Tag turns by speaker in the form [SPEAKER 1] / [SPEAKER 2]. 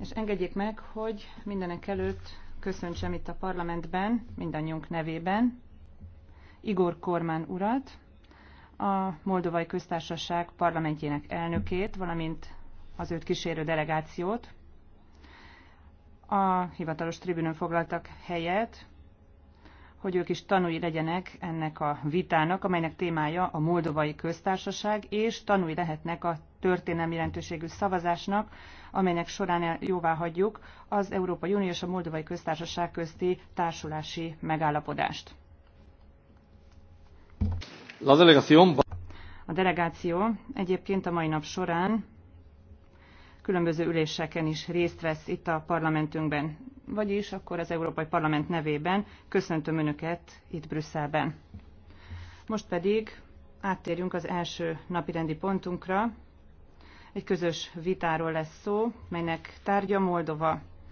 [SPEAKER 1] És engedjék meg, hogy mindenek előtt köszöntsem itt a parlamentben, mindannyiunk nevében, Igor Kormán urat, a Moldovai Köztársaság parlamentjének elnökét, valamint az őt kísérő delegációt. A hivatalos tribünön foglaltak helyet, hogy ők is tanúi legyenek ennek a vitának, amelynek témája a Moldovai Köztársaság, és tanúi lehetnek a történelmi jelentőségű szavazásnak, amelynek során jóvá hagyjuk az Európai Unió és a Moldovai Köztársaság közti társulási megállapodást. A delegáció egyébként a mai nap során különböző üléseken is részt vesz itt a parlamentünkben, vagyis akkor az Európai Parlament nevében köszöntöm Önöket itt Brüsszelben. Most pedig áttérjünk az első napirendi pontunkra, egy közös vitáról lesz szó, melynek tárgya Moldova.